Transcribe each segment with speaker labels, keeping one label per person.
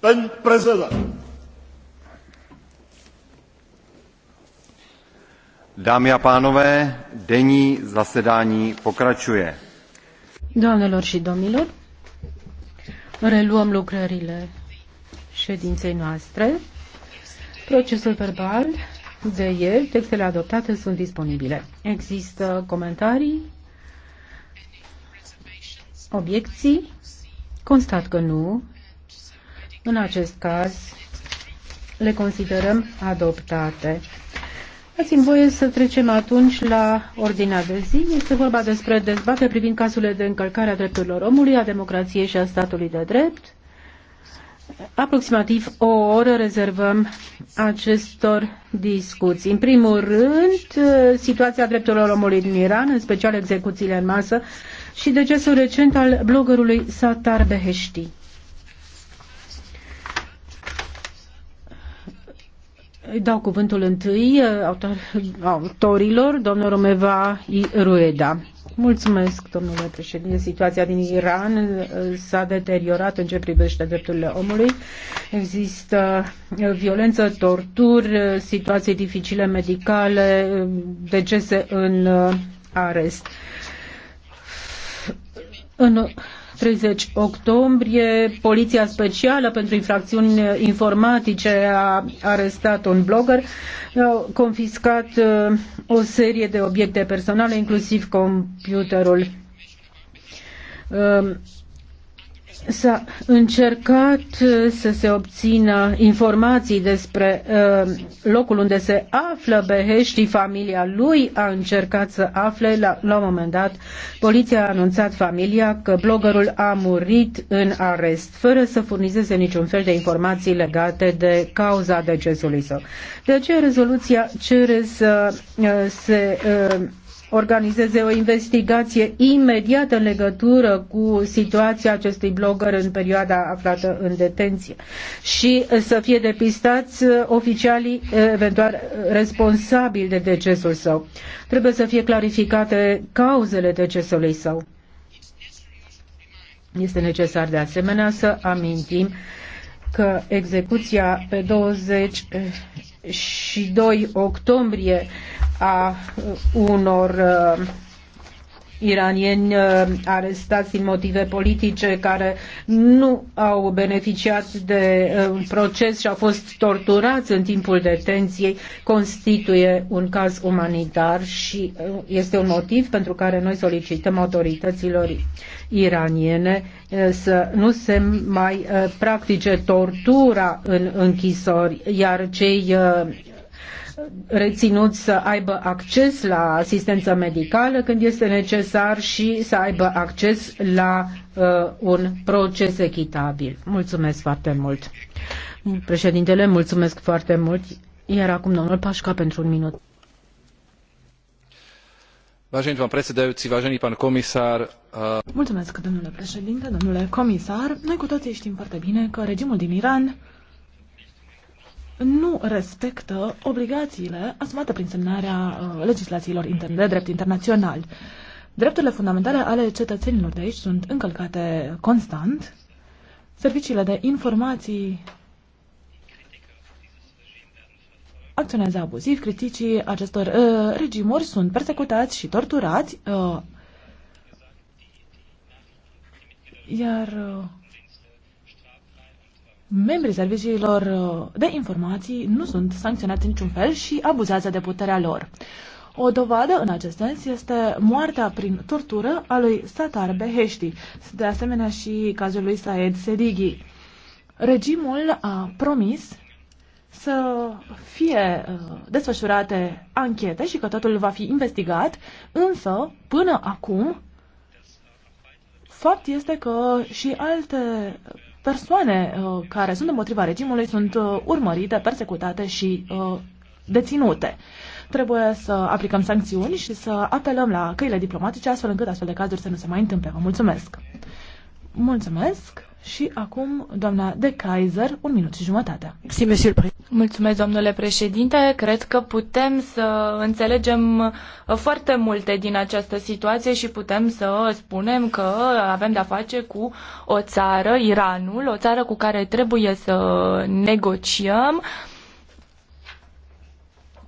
Speaker 1: Pan prezident.
Speaker 2: Dámy a pánové, denní zasedání pokračuje.
Speaker 3: Doamnelor și domnilor, reluăm lucrările ședinței noastre. Procesul verbal de ieri, textele adoptate sunt disponibile. Există comentarii, obiecții, constat că nu în acest caz, le considerăm adoptate. Ați în voie să trecem atunci la ordinea de zi. Este vorba despre dezbatere privind cazurile de încălcare a drepturilor omului, a democrației și a statului de drept. Aproximativ o oră rezervăm acestor discuții. În primul rând, situația drepturilor omului din Iran, în special execuțiile în masă și decesul recent al bloggerului Satar Beheshti. Îi dau cuvântul întâi uh, autor, autorilor, domnul Romeva Rueda. Mulțumesc, domnule președinte. Situația din Iran uh, s-a deteriorat în ce privește drepturile omului. Există uh, violență, torturi, situații dificile medicale, decese în arest. În 30 octombrie, Poliția Specială pentru Infracțiuni Informatice a arestat un blogger, au confiscat uh, o serie de obiecte personale, inclusiv computerul um, S-a încercat uh, să se obțină informații despre uh, locul unde se află Behești, familia lui a încercat să afle, la, la un moment dat poliția a anunțat familia că bloggerul a murit în arest, fără să furnizeze niciun fel de informații legate de cauza decesului său. De aceea rezoluția cere să uh, se organizeze o investigație imediată în legătură cu situația acestui blogger în perioada aflată în detenție și să fie depistați oficialii eventual responsabili de decesul său. Trebuie să fie clarificate cauzele decesului său. Este necesar de asemenea să amintim că execuția pe 22 octombrie a unor uh, iranieni uh, arestați din motive politice care nu au beneficiat de uh, un proces și au fost torturați în timpul detenției constituie un caz umanitar și este un motiv pentru care noi solicităm autorităților iraniene să nu se mai practice tortura în închisori, iar cei reținuți să aibă acces la asistență medicală când este necesar și să aibă acces la uh, un proces echitabil. Mulțumesc foarte mult. Președintele, mulțumesc foarte mult. Iar acum domnul Pașca pentru un minut.
Speaker 1: Vážený pán predsedajúci, vážený pán komisár. Uh,
Speaker 4: mulțumesc, domnule președinte, domnule comisar. Noi cu toții știm foarte bine că regimul din Iran nu respectă obligațiile asumate prin semnarea uh, legislațiilor de drept internațional. Drepturile fundamentale ale cetățenilor de aici sunt încălcate constant. Serviciile de informații acționează abuziv, criticii acestor uh, regimuri sunt persecutați și torturați, uh, iar uh, membrii serviciilor uh, de informații nu sunt sancționați în niciun fel și abuzează de puterea lor. O dovadă în acest sens este moartea prin tortură a lui Satar Beheshti, de asemenea și cazul lui Saed Sedighi. Regimul a promis să fie uh, desfășurate anchete și că totul va fi investigat, însă până acum fapt este că și alte persoane uh, care sunt împotriva regimului sunt uh, urmărite, persecutate și uh, deținute. Trebuie să aplicăm sancțiuni și să apelăm la căile diplomatice astfel încât astfel de cazuri să nu se mai întâmple. Vă mulțumesc! Mulțumesc! Și acum, doamna de Kaiser, un minut și jumătate. Mulțumesc,
Speaker 5: domnule președinte. Cred că putem să înțelegem uh, foarte multe din această situație și putem să spunem că avem de-a face cu o țară, Iranul, o țară cu care trebuie să negociem.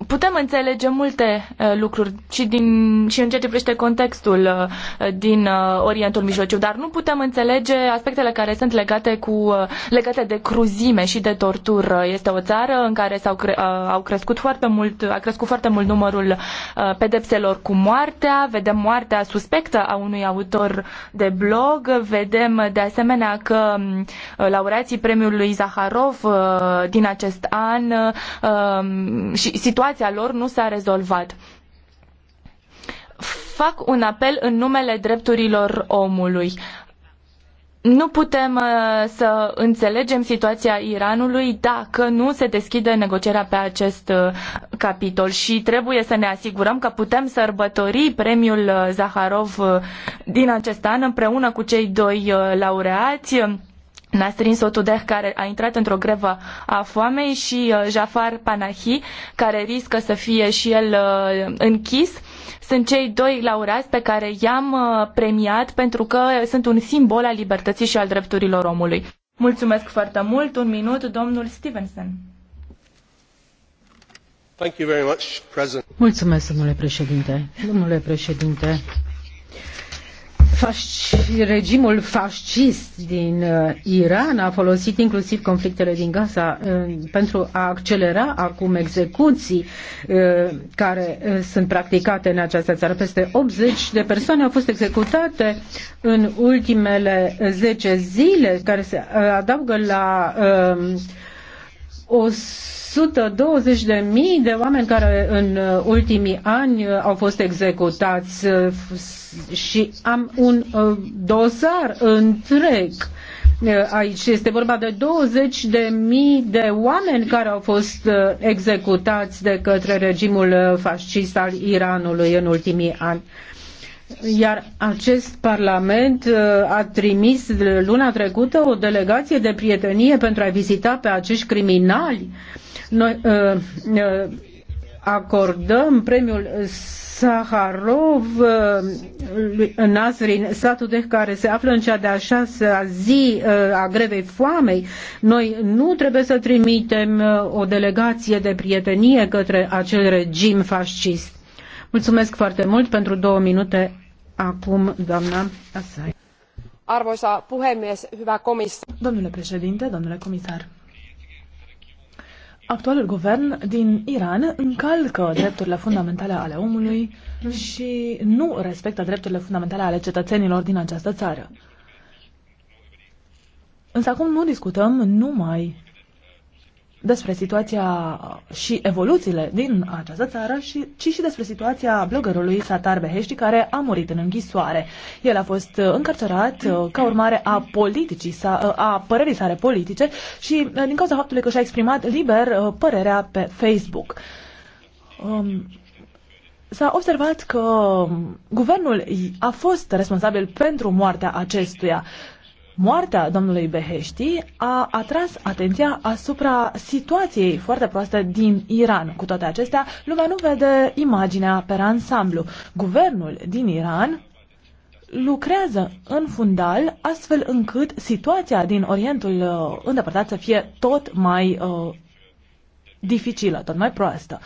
Speaker 5: Putem înțelege multe uh, lucruri și, din, și în ceea ce privește contextul uh, din uh, Orientul Mijlociu, dar nu putem înțelege aspectele care sunt legate, cu, uh, legate de cruzime și de tortură. Este o țară în care s-au cre- uh, au crescut foarte mult, a crescut foarte mult numărul uh, pedepselor cu moartea, vedem moartea suspectă a unui autor de blog, vedem de asemenea că uh, laureații premiului Zaharov uh, din acest an uh, um, și situația situația lor nu s-a rezolvat fac un apel în numele drepturilor omului. Nu putem uh, să înțelegem situația Iranului dacă nu se deschide negocierea pe acest uh, capitol și trebuie să ne asigurăm că putem sărbători premiul uh, Zaharov din acest an împreună cu cei doi laureați Nasrin Sotudeh, care a intrat într-o grevă a foamei, și uh, Jafar Panahi, care riscă să fie și el uh, închis. Sunt cei doi laureați pe care i-am uh, premiat pentru că sunt un simbol al libertății și al drepturilor omului. Mulțumesc foarte mult. Un minut, domnul
Speaker 3: Stevenson. Mulțumesc, domnule președinte. Domnule președinte, regimul fascist din uh, Iran a folosit inclusiv conflictele din Gaza uh, pentru a accelera acum execuții uh, care sunt practicate în această țară. Peste 80 de persoane au fost executate în ultimele 10 zile, care se adaugă la 100 um, 120.000 de oameni care în uh, ultimii ani uh, au fost executați uh, și am un dosar întreg aici. Este vorba de 20 de mii de oameni care au fost executați de către regimul fascist al Iranului în ultimii ani. Iar acest Parlament a trimis luna trecută o delegație de prietenie pentru a vizita pe acești criminali uh, noi uh, uh, acordăm premiul Saharov uh, lui Nazrin Satudeh, care se află în cea de-a șasea zi a grevei foamei, noi nu trebuie să trimitem o delegație de prietenie către acel regim fascist. Mulțumesc foarte mult pentru două minute. Acum, doamna Asai.
Speaker 4: Arvoisa puhemies, hyvä komissar. Domnule președinte, domnule comisar actualul guvern din Iran încalcă drepturile fundamentale ale omului și nu respectă drepturile fundamentale ale cetățenilor din această țară. Însă acum nu discutăm numai despre situația și evoluțiile din această țară, și, ci și despre situația bloggerului Satar Beheshti, care a murit în închisoare. El a fost încarcerat uh, ca urmare a politicii, uh, a părerii sale politice și uh, din cauza faptului că și-a exprimat liber părerea pe Facebook. Um, S-a observat că guvernul a fost responsabil pentru moartea acestuia. Uh, Moartea domnului Behești a atras atenția asupra situației foarte proaste din Iran. Cu toate acestea, lumea nu vede imaginea pe ansamblu. Guvernul din Iran lucrează în fundal astfel încât situația din Orientul uh, îndepărtat să fie tot mai uh, dificilă, tot mai proastă.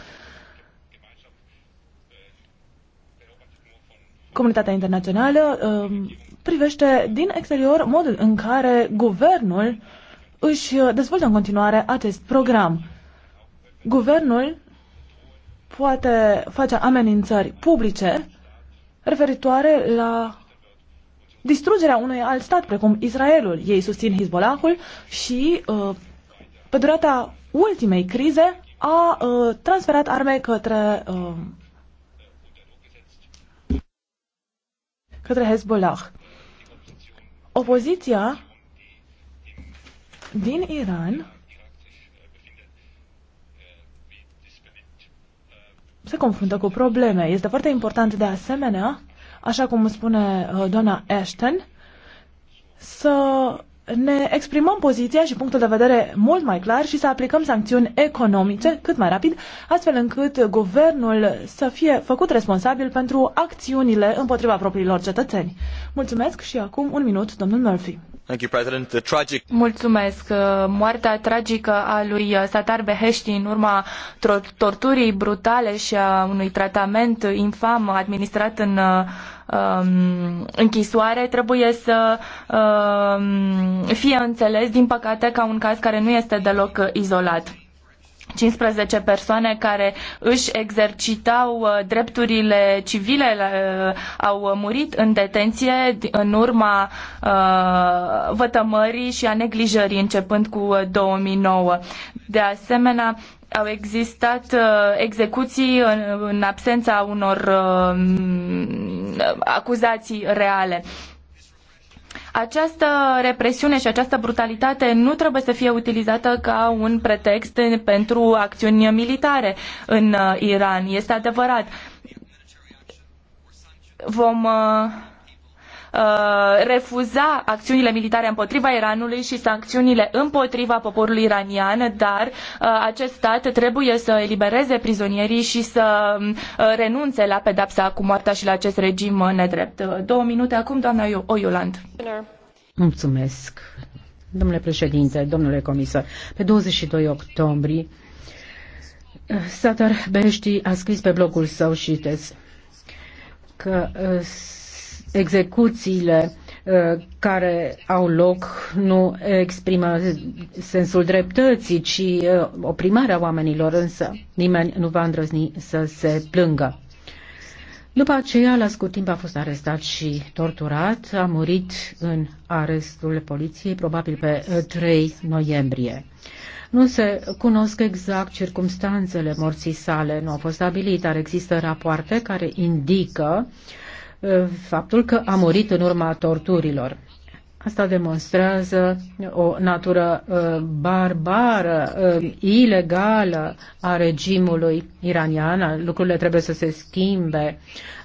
Speaker 4: Comunitatea internațională uh, privește din exterior modul în care guvernul își dezvoltă în continuare acest program. Guvernul poate face amenințări publice referitoare la distrugerea unui alt stat, precum Israelul. Ei susțin Hezbollahul și, uh, pe durata ultimei crize, a uh, transferat arme către, uh, către Hezbollah. Opoziția din Iran se confruntă cu probleme. Este foarte important de asemenea, așa cum spune uh, doamna Ashton, să ne exprimăm poziția și punctul de vedere mult mai clar și să aplicăm sancțiuni economice cât mai rapid, astfel încât guvernul să fie făcut responsabil pentru acțiunile împotriva propriilor cetățeni. Mulțumesc
Speaker 5: și acum un minut, domnul Murphy. Mulțumesc. Uh, moartea tragică a lui uh, Satar Beheshti în urma torturii brutale și a unui tratament infam administrat în uh, um, închisoare trebuie să um, fie înțeles, din păcate, ca un caz care nu este deloc izolat. 15 persoane care își exercitau uh, drepturile civile uh, au murit în detenție în urma uh, vătămării și a neglijării începând cu 2009. De asemenea, au existat execuții în absența unor acuzații reale. Această represiune și această brutalitate nu trebuie să fie utilizată ca un pretext pentru acțiuni militare în uh, Iran. Este adevărat. Vom uh, Uh, refuza acțiunile militare împotriva Iranului și sancțiunile împotriva poporului iranian, dar uh, acest stat trebuie să elibereze prizonierii și să uh, renunțe la pedapsa cu moartea și la acest regim nedrept. Două minute acum, doamna
Speaker 3: Oiuland. Mulțumesc. Domnule președinte, domnule comisar, pe 22 octombrie Satar Bești a scris pe blogul său și că execuțiile uh, care au loc nu exprimă sensul dreptății, ci uh, oprimarea oamenilor, însă nimeni nu va îndrăzni să se plângă. După aceea, la scurt timp a fost arestat și torturat, a murit în arestul poliției, probabil pe 3 uh, noiembrie. Nu se cunosc exact circumstanțele morții sale, nu au fost stabilite, dar există rapoarte care indică uh, Uh, faptul că a murit în urma torturilor. Asta demonstrează o natură uh, barbară, uh, ilegală a regimului iranian. Lucrurile trebuie să se schimbe.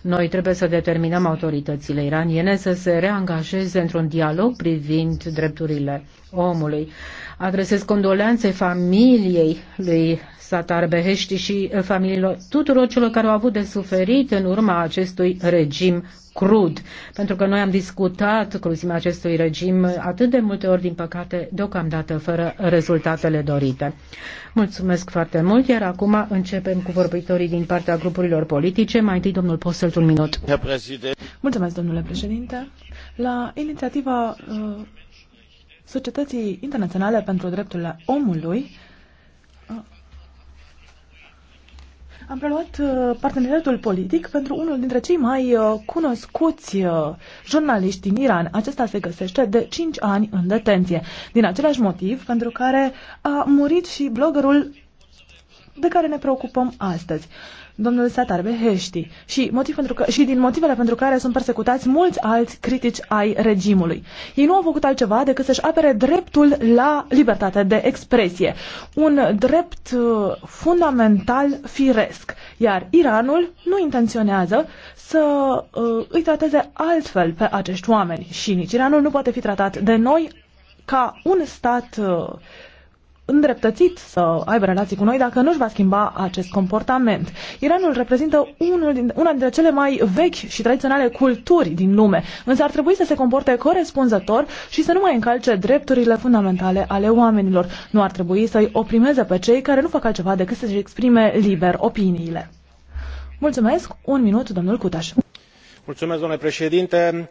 Speaker 3: Noi trebuie să determinăm autoritățile iraniene să se reangajeze într-un dialog privind drepturile omului. Adresez condoleanțe familiei lui Satar Behești și familiilor tuturor celor care au avut de suferit în urma acestui regim crud. Pentru că noi am discutat cruzimea acestui regim atât de multe ori, din păcate, deocamdată fără rezultatele dorite. Mulțumesc foarte mult, iar acum începem cu vorbitorii din partea grupurilor politice. Mai întâi, domnul Postel, un minut. Mulțumesc, domnule președinte.
Speaker 4: La inițiativa uh, Societății Internaționale pentru Drepturile Omului, Am preluat uh, parteneriatul politic pentru unul dintre cei mai uh, cunoscuți uh, jurnaliști din Iran. Acesta se găsește de 5 ani în detenție. Din același motiv pentru care a murit și bloggerul de care ne preocupăm astăzi domnul Satar Beheshti și, motiv pentru că, și din motivele pentru care sunt persecutați mulți alți critici ai regimului. Ei nu au făcut altceva decât să-și apere dreptul la libertate de expresie, un drept uh, fundamental firesc, iar Iranul nu intenționează să uh, îi trateze altfel pe acești oameni și nici Iranul nu poate fi tratat de noi ca un stat uh, îndreptățit să aibă relații cu noi dacă nu-și va schimba acest comportament. Iranul reprezintă unul din, una dintre cele mai vechi și tradiționale culturi din lume, însă ar trebui să se comporte corespunzător și să nu mai încalce drepturile fundamentale ale oamenilor. Nu ar trebui să-i oprimeze pe cei care nu fac altceva decât să-și exprime liber opiniile. Mulțumesc. Un minut, domnul Cutaș.
Speaker 1: Mulțumesc, domnule președinte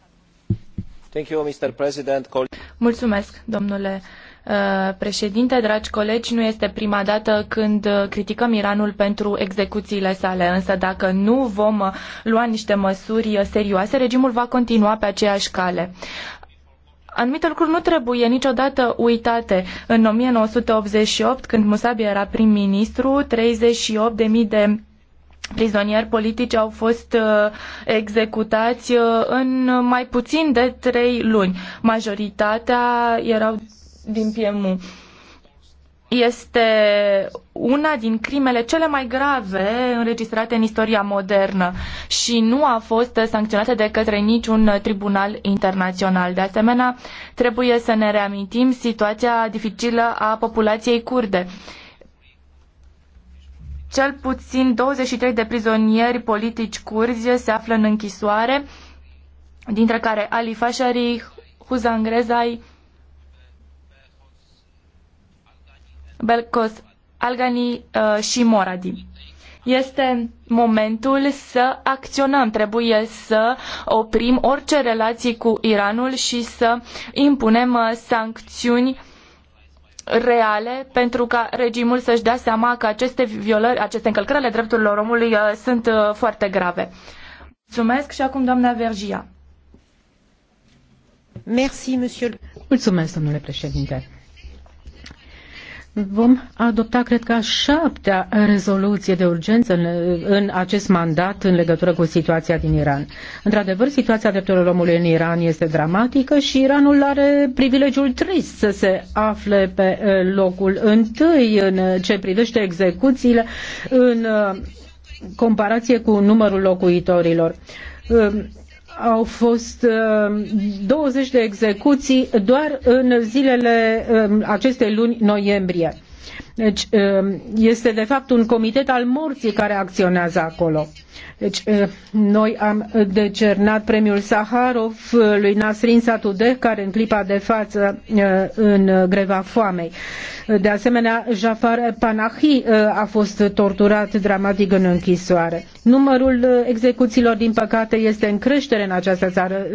Speaker 5: Mulțumesc, domnule uh, președinte, dragi colegi, nu este prima dată când uh, criticăm Iranul pentru execuțiile sale, însă dacă nu vom uh, lua niște măsuri serioase, regimul va continua pe aceeași cale. Anumite lucruri nu trebuie niciodată uitate. În 1988, când Musabi era prim-ministru, 38.000 de prizonieri politici au fost uh, executați uh, în mai puțin de trei luni. Majoritatea erau din PMU. Este una din crimele cele mai grave înregistrate în istoria modernă și nu a fost sancționată de către niciun tribunal internațional. De asemenea, trebuie să ne reamintim situația dificilă a populației kurde cel puțin 23 de prizonieri politici curzi se află în închisoare, dintre care Ali Fashari, Huzan Grezai, Belkos Algani uh, și Moradi. Este momentul să acționăm. Trebuie să oprim orice relații cu Iranul și să impunem uh, sancțiuni reale pentru ca regimul să-și dea seama că aceste violări, aceste încălcări ale drepturilor omului uh, sunt uh, foarte grave. Mulțumesc și acum doamna Vergia.
Speaker 3: Merci, monsieur. Mulțumesc, domnule președinte. Vom adopta, cred că, a șaptea rezoluție de urgență în, în acest mandat în legătură cu situația din Iran. Într-adevăr, situația drepturilor omului în Iran este dramatică și Iranul are privilegiul trist să se afle pe eh, locul întâi în ce privește execuțiile în eh, comparație cu numărul locuitorilor eh, au fost 20 uh, de execuții doar în zilele uh, acestei luni noiembrie. Deci ă, este de fapt un comitet al morții care acționează acolo. Deci ă, noi am decernat premiul Saharov ă, lui Nasrin Satudeh, care în clipa de față în greva foamei. De asemenea, Jafar Panahi a fost torturat dramatic în închisoare. Numărul execuțiilor, din păcate, este în creștere în această țară.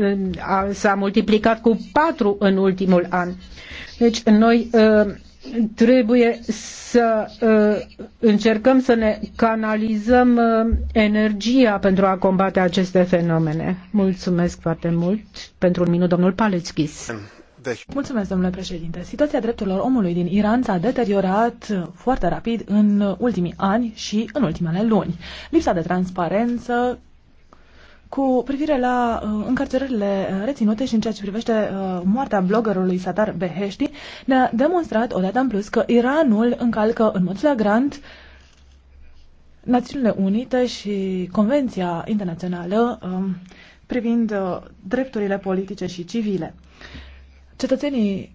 Speaker 3: S-a multiplicat cu patru în ultimul an. Deci noi trebuie să uh, încercăm să ne canalizăm uh, energia pentru a combate aceste fenomene. Mulțumesc foarte mult pentru un minut, domnul Palețchis.
Speaker 4: Deci. Mulțumesc, domnule președinte. Situația drepturilor omului din Iran s-a deteriorat foarte rapid în ultimii ani și în ultimele luni. Lipsa de transparență cu privire la uh, încarcerările uh, reținute și în ceea ce privește uh, moartea bloggerului Satar Beheshti, ne-a demonstrat odată în plus că Iranul încalcă în mod flagrant Națiunile Unite și Convenția Internațională uh, privind uh, drepturile politice și civile. Cetățenii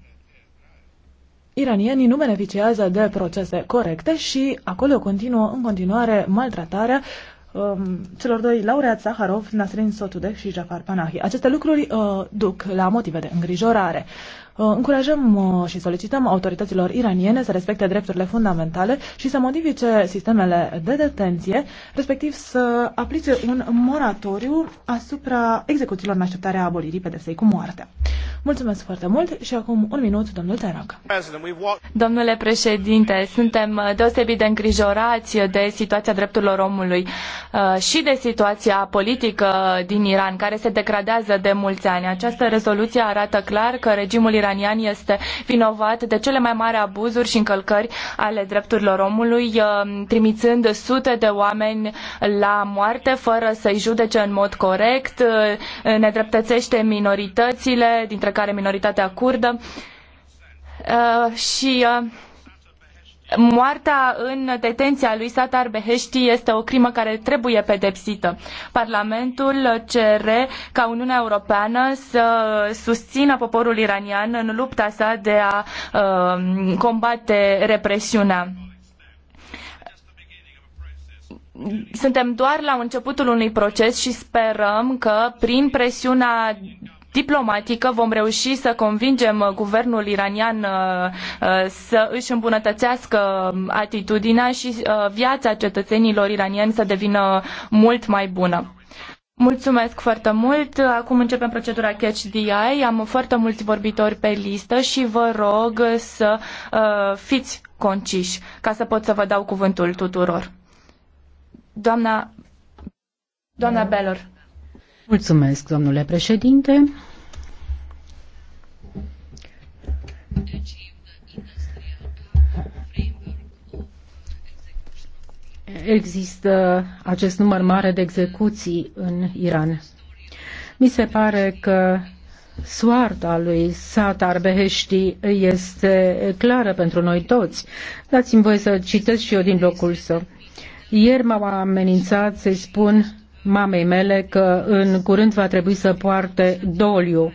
Speaker 4: iranienii nu beneficiază de procese corecte și acolo continuă în continuare maltratarea uh, um, celor doi laureați Zaharov, Nasrin Sotudeh și Jafar Panahi. Aceste lucruri uh, duc la motive de îngrijorare. Uh, încurajăm uh, și solicităm autorităților iraniene să respecte drepturile fundamentale și să modifice sistemele de detenție, respectiv să aplice un moratoriu asupra execuțiilor în așteptarea abolirii pedepsei cu moartea. Mulțumesc foarte mult și acum un minut, domnul Terac.
Speaker 5: Domnule președinte, suntem uh, deosebit de îngrijorați de situația drepturilor omului și de situația politică din Iran, care se degradează de mulți ani. Această rezoluție arată clar că regimul iranian este vinovat de cele mai mari abuzuri și încălcări ale drepturilor omului, uh, trimițând sute de oameni la moarte fără să-i judece în mod corect, uh, nedreptățește minoritățile, dintre care minoritatea curdă. Uh, și Moartea în detenția lui Satar Beheshti este o crimă care trebuie pedepsită. Parlamentul cere ca Uniunea Europeană să susțină poporul iranian în lupta sa de a uh, combate represiunea suntem doar la începutul unui proces și sperăm că prin presiunea diplomatică vom reuși să convingem uh, guvernul iranian uh, uh, să își îmbunătățească um, atitudinea și viața cetățenilor iranieni să devină mult mai bună. Mulțumesc foarte mult. Acum începem procedura Catch the Eye. Am foarte mulți vorbitori pe listă și vă rog să uh, fiți conciși ca să pot să vă dau cuvântul tuturor. Doamna, doamna Belor.
Speaker 3: Mulțumesc, domnule președinte. Există acest număr mare de execuții în Iran. Mi se pare că soarta lui Satar Beheshti este clară pentru noi toți. Dați-mi voie să citesc și eu din locul său. Ieri m-au amenințat să-i spun mamei mele că în curând va trebui să poarte doliu.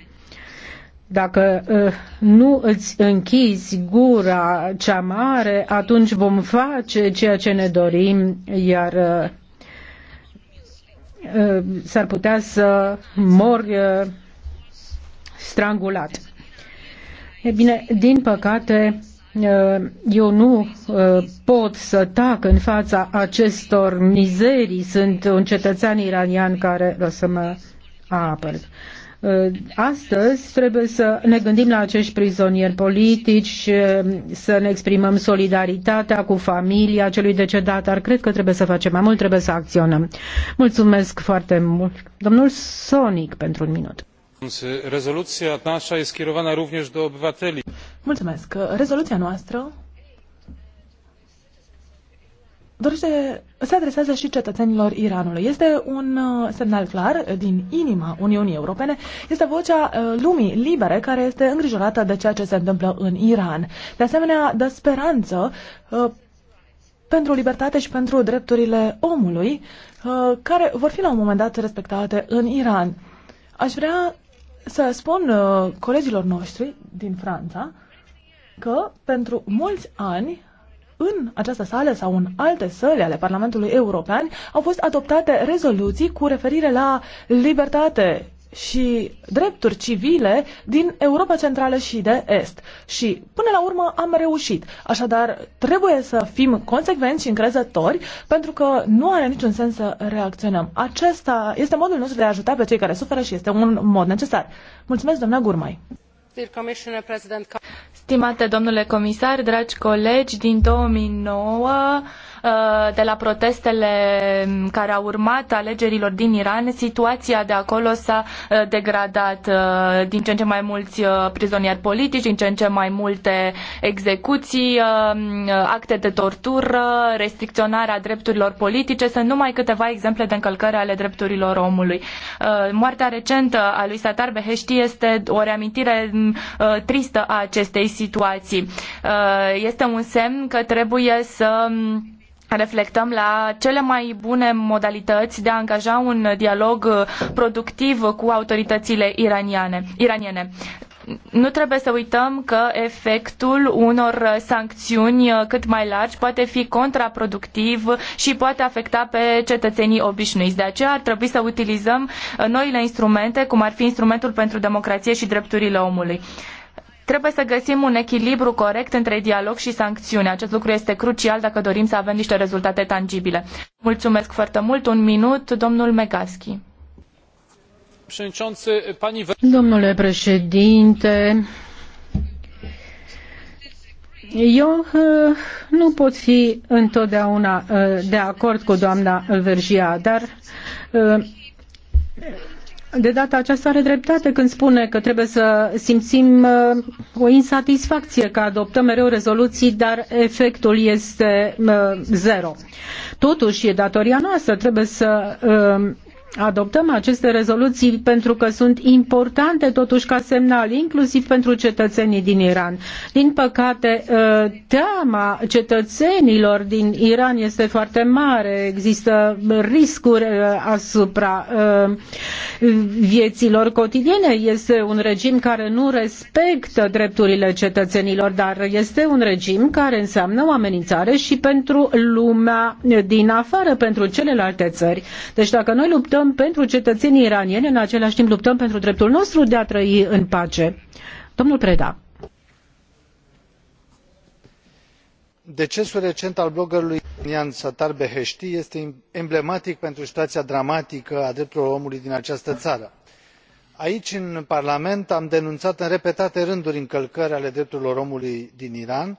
Speaker 3: Dacă eh, nu îți închizi gura cea mare, atunci vom face ceea ce ne dorim, iar eh, eh, s-ar putea să mori strangulat. E bine, din păcate, Uh, eu nu uh, pot să tac în fața acestor mizerii. Sunt un cetățean iranian care o să mă apăr. Uh, astăzi trebuie să ne gândim la acești prizonieri politici, să ne exprimăm solidaritatea cu familia celui decedat, dar cred că trebuie să facem mai mult, trebuie să acționăm. Mulțumesc foarte mult. Domnul Sonic pentru un minut
Speaker 2: rezoluția noastră este skierowana również do obywateli.
Speaker 3: Mulțumesc. Rezoluția
Speaker 4: noastră dorește, se adresează și cetățenilor Iranului. Este un uh, semnal clar din inima Uniunii Europene. Este vocea uh, lumii libere care este îngrijorată de ceea ce se întâmplă în Iran. De asemenea, dă speranță uh, pentru libertate și pentru drepturile omului, care vor fi la un moment dat respectate în Iran. Aș vrea să spun uh, colegilor noștri din Franța că pentru mulți ani în această sală sau în alte săli ale Parlamentului European au fost adoptate rezoluții cu referire la libertate, și drepturi civile din Europa Centrală și de Est. Și până la urmă am reușit. Așadar, trebuie să fim consecvenți și încrezători pentru că nu are niciun sens să reacționăm. Acesta este modul nostru de a ajuta pe cei care suferă și este un mod
Speaker 5: necesar. Mulțumesc, doamna Gurmai. Stimate domnule comisar, dragi colegi, din 2009 Uh, de la protestele care au urmat alegerilor din Iran, situația de acolo s-a uh, degradat. Uh, din ce în ce mai mulți prizonieri politici, din ce în ce mai multe execuții, acte de tortură, restricționarea drepturilor politice. Sunt numai câteva exemple de încălcări ale drepturilor omului. Moartea recentă a lui Satar Beheshti este o reamintire mm, tristă a acestei situații. Este un semn că trebuie să mm, reflectăm la cele mai bune modalități de a angaja un dialog uh, productiv cu autoritățile iraniane. iraniene nu trebuie să uităm că efectul unor sancțiuni uh, cât mai largi poate fi contraproductiv și poate afecta pe cetățenii obișnuiți. De aceea ar trebui să utilizăm uh, noile instrumente, cum ar fi instrumentul pentru democrație și drepturile omului. Trebuie să găsim un echilibru corect între dialog și sancțiune. Acest lucru este crucial dacă dorim să avem niște rezultate tangibile. Mulțumesc foarte mult. Un minut, domnul Megaschi.
Speaker 3: Domnule președinte, eu uh, nu pot fi întotdeauna uh, de acord cu doamna Vergia, dar uh, de data aceasta are dreptate când spune că trebuie să simțim uh, o insatisfacție că adoptăm mereu rezoluții, dar efectul este uh, zero. Totuși, e datoria noastră, trebuie să uh, adoptăm aceste rezoluții pentru că sunt importante totuși ca semnal, inclusiv pentru cetățenii din Iran. Din păcate, ă, teama cetățenilor din Iran este foarte mare, există riscuri ă, asupra ă, vieților cotidiene, este un regim care nu respectă drepturile cetățenilor, dar este un regim care înseamnă o amenințare și pentru lumea din afară, pentru celelalte țări. Deci dacă noi luptăm luptăm pentru cetățenii iranieni, în același timp luptăm pentru dreptul nostru de a trăi în pace. Domnul Preda.
Speaker 1: decesul recent al bloggerului iranian Satar beheshti este emblematic pentru situația dramatică a drepturilor omului din această țară. aici în parlament am denunțat în repetate rânduri încălcări ale drepturilor omului din iran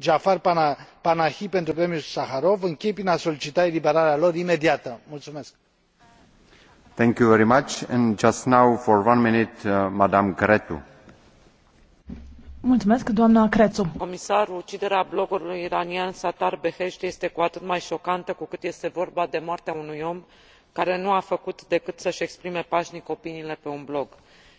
Speaker 1: jafar panahi pentru premiul saharov închei prin a solicita eliberarea lor imediată. mulțumesc.
Speaker 6: uciderea bloggerului iranian sattar beheshti este cu atât mai ocantă cu cât este vorba de moartea unui om care nu a făcut decât să și exprime panic opiniile pe un blog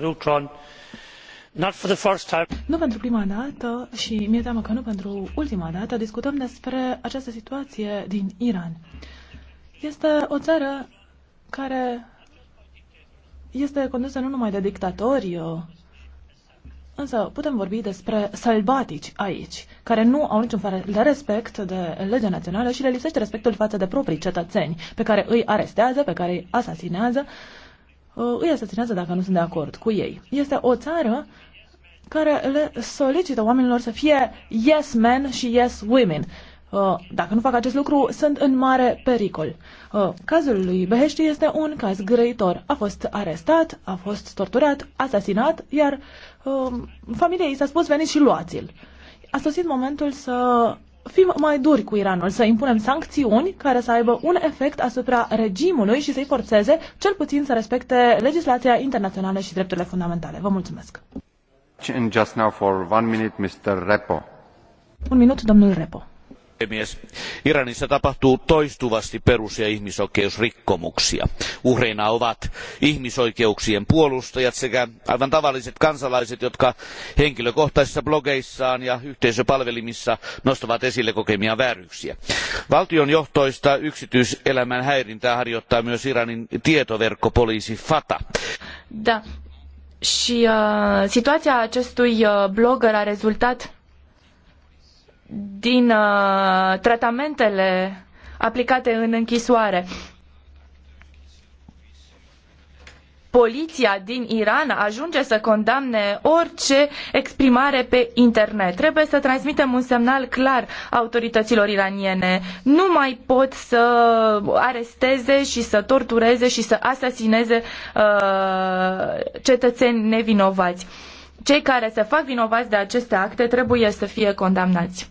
Speaker 1: nu
Speaker 4: pentru prima dată și mi-e teamă că nu pentru ultima dată discutăm despre această situație din Iran. Este o țară care este condusă nu numai de dictatori, însă putem vorbi despre sălbatici aici, care nu au niciun fel de respect de legea națională și le lipsește respectul față de proprii cetățeni, pe care îi arestează, pe care îi asasinează Uh, îi asasinează dacă nu sunt de acord cu ei. Este o țară care le solicită oamenilor să fie yes men și yes women. Uh, dacă nu fac acest lucru, sunt în mare pericol. Uh, cazul lui Behești este un caz grăitor. A fost arestat, a fost torturat, asasinat, iar familiei i s-a spus veniți și luați-l. A sosit momentul să fim mai duri cu Iranul, să impunem sancțiuni care să aibă un efect asupra regimului și să-i forțeze cel puțin să respecte legislația internațională și drepturile fundamentale. Vă mulțumesc!
Speaker 2: Just now for one minute, Mr. Repo.
Speaker 4: Un minut, domnul Repo
Speaker 2: puhemies
Speaker 1: iranissa tapahtuu toistuvasti perus ja ihmisoikeusrikkomuksia. uhreina ovat ihmisoikeuksien puolustajat sekä aivan tavalliset kansalaiset jotka henkilökohtaisissa blogeissaan ja yhteisöpalvelimissa nostavat esille kokemia vääryyksiä. valtionjohtoista yksityiselämän häirintää harjoittaa myös iranin tietoverkkopoliisi fata.
Speaker 5: Da. Și uh, situația acestui uh, blogger a rezultat din uh, tratamentele aplicate în închisoare. Poliția din Iran ajunge să condamne orice exprimare pe internet. Trebuie să transmitem un semnal clar autorităților iraniene. Nu mai pot să aresteze și să tortureze și să asasineze uh, cetățeni nevinovați. Cei care se fac vinovați de aceste acte trebuie să fie condamnați.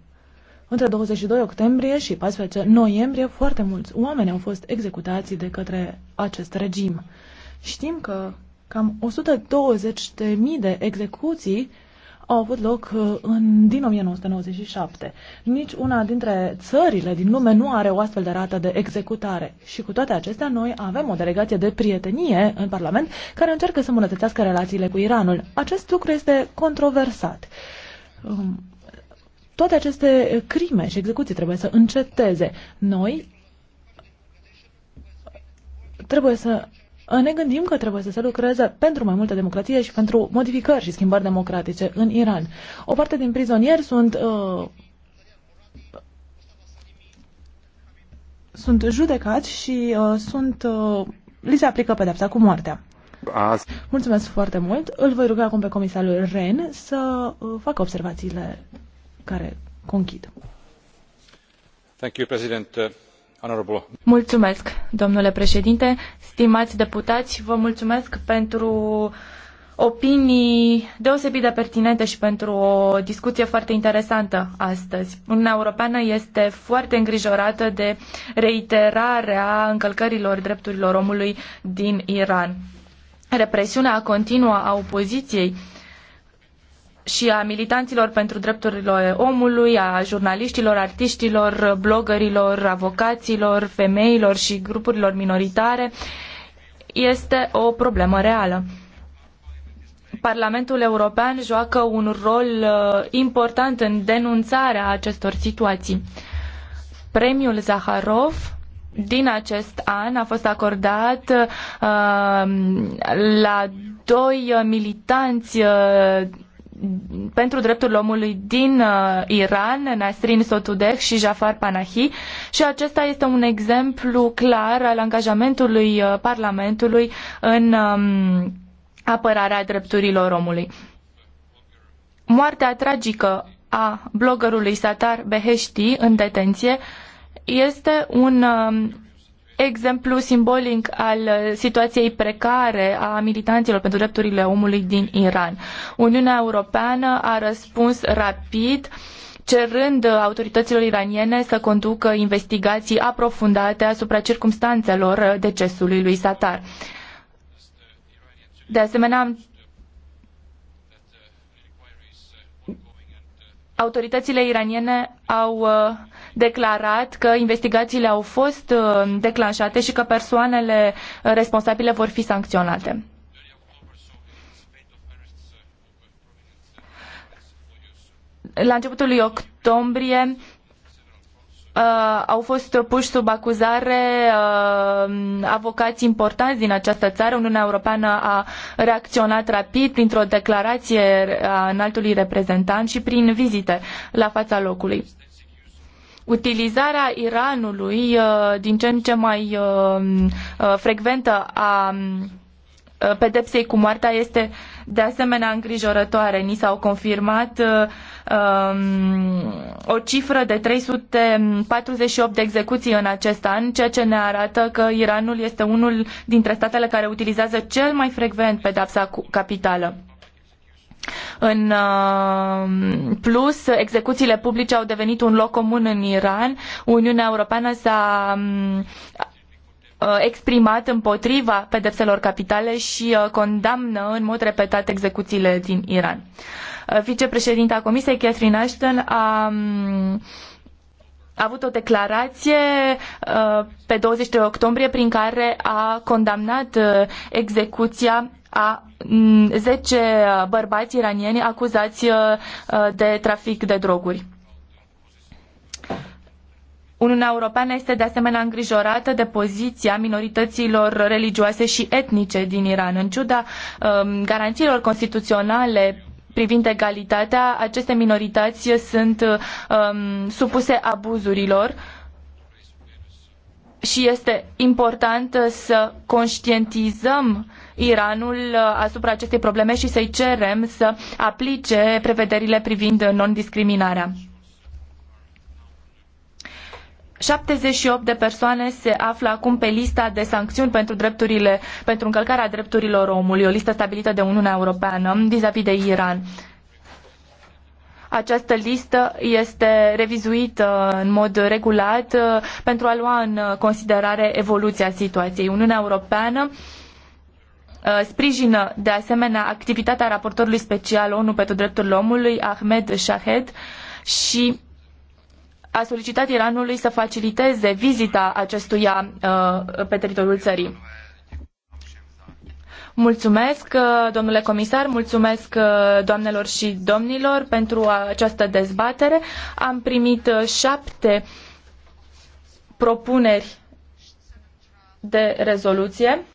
Speaker 4: Între 22 octombrie și 14 noiembrie, foarte mulți oameni au fost executați de către acest regim. Știm că cam 120.000 de execuții au avut loc uh, în, din 1997. Nici una dintre țările din lume nu are o astfel de rată de executare. Și cu toate acestea, noi avem o delegație de prietenie în Parlament care încearcă să îmbunătățească relațiile cu Iranul. Acest lucru este controversat. Um, toate aceste crime și execuții trebuie să înceteze. Noi trebuie să ne gândim că trebuie să se lucreze pentru mai multă democrație și pentru modificări și schimbări democratice în Iran. O parte din prizonieri sunt uh, sunt judecați și uh, sunt uh, li se aplică pedepsa cu moartea. Azi. Mulțumesc foarte mult. Îl voi ruga acum pe comisarul Ren să uh, facă observațiile care
Speaker 5: conchid.
Speaker 2: Thank you, President. Uh,
Speaker 5: mulțumesc, domnule președinte, stimați deputați, vă mulțumesc pentru opinii deosebit de pertinente și pentru o discuție foarte interesantă astăzi. Uniunea Europeană este foarte îngrijorată de reiterarea încălcărilor drepturilor omului din Iran. Represiunea continuă a opoziției uh, și a militanților pentru drepturile omului, a jurnaliștilor, artiștilor, blogărilor, avocaților, femeilor și grupurilor minoritare este o problemă reală. Parlamentul European joacă un rol uh, important în denunțarea acestor situații. Premiul Zaharov din acest an a fost acordat uh, la doi militanți uh, pentru drepturile omului din uh, Iran, Nasrin Sotudeh și Jafar Panahi și acesta este un exemplu clar al angajamentului uh, Parlamentului în um, apărarea drepturilor omului. Moartea tragică a bloggerului Satar Beheshti în detenție este un um, exemplu simbolic al uh, situației precare a militanților pentru drepturile omului din Iran. Uniunea Europeană a răspuns rapid cerând autorităților iraniene să conducă investigații aprofundate asupra circumstanțelor decesului lui Satar. De asemenea, autoritățile iraniene au uh, declarat că investigațiile au fost uh, declanșate și că persoanele responsabile vor fi sancționate. La începutul lui octombrie Uh, au fost puși sub acuzare uh, avocați importanți din această țară. Uniunea Europeană a reacționat rapid printr-o declarație a înaltului reprezentant și prin vizite la fața locului utilizarea Iranului uh, din ce în ce mai uh, uh, frecventă a pedepsei cu moartea este de asemenea îngrijorătoare. Ni s-au confirmat um, o cifră de 348 de execuții în acest an, ceea ce ne arată că Iranul este unul dintre statele care utilizează cel mai frecvent pedepsa capitală. În uh, plus, execuțiile publice au devenit un loc comun în Iran. Uniunea Europeană s-a um, uh, exprimat împotriva pedepselor capitale și uh, condamnă în mod repetat execuțiile din Iran. Vicepreședinta Comisiei, Catherine Ashton, a um, a avut o declarație pe 23 octombrie prin care a condamnat execuția a 10 mm, uh, bărbați iranieni acuzați uh, uh, de trafic de droguri. Uniunea Europeană este de asemenea îngrijorată de poziția minorităților religioase și etnice din Iran. În ciuda um, garanțiilor constituționale privind egalitatea, aceste minorități sunt um, supuse abuzurilor și este important să conștientizăm uh, Iranul uh, asupra acestei probleme și să-i cerem să aplice prevederile privind non-discriminarea. 78 de persoane se află acum pe lista de sancțiuni pentru, drepturile, pentru încălcarea drepturilor omului, o listă stabilită de Uniunea Europeană vis-a-vis de Iran. Această listă este revizuită în mod regulat uh, pentru a lua în considerare evoluția situației. Uniunea Europeană uh, Uh, sprijină de asemenea activitatea raportorului special ONU pentru drepturile omului, Ahmed Shahed, și a solicitat Iranului să faciliteze vizita acestuia uh, pe teritoriul țării. Mulțumesc, uh, domnule comisar, mulțumesc doamnelor și domnilor pentru această dezbatere. Am primit șapte propuneri de rezoluție.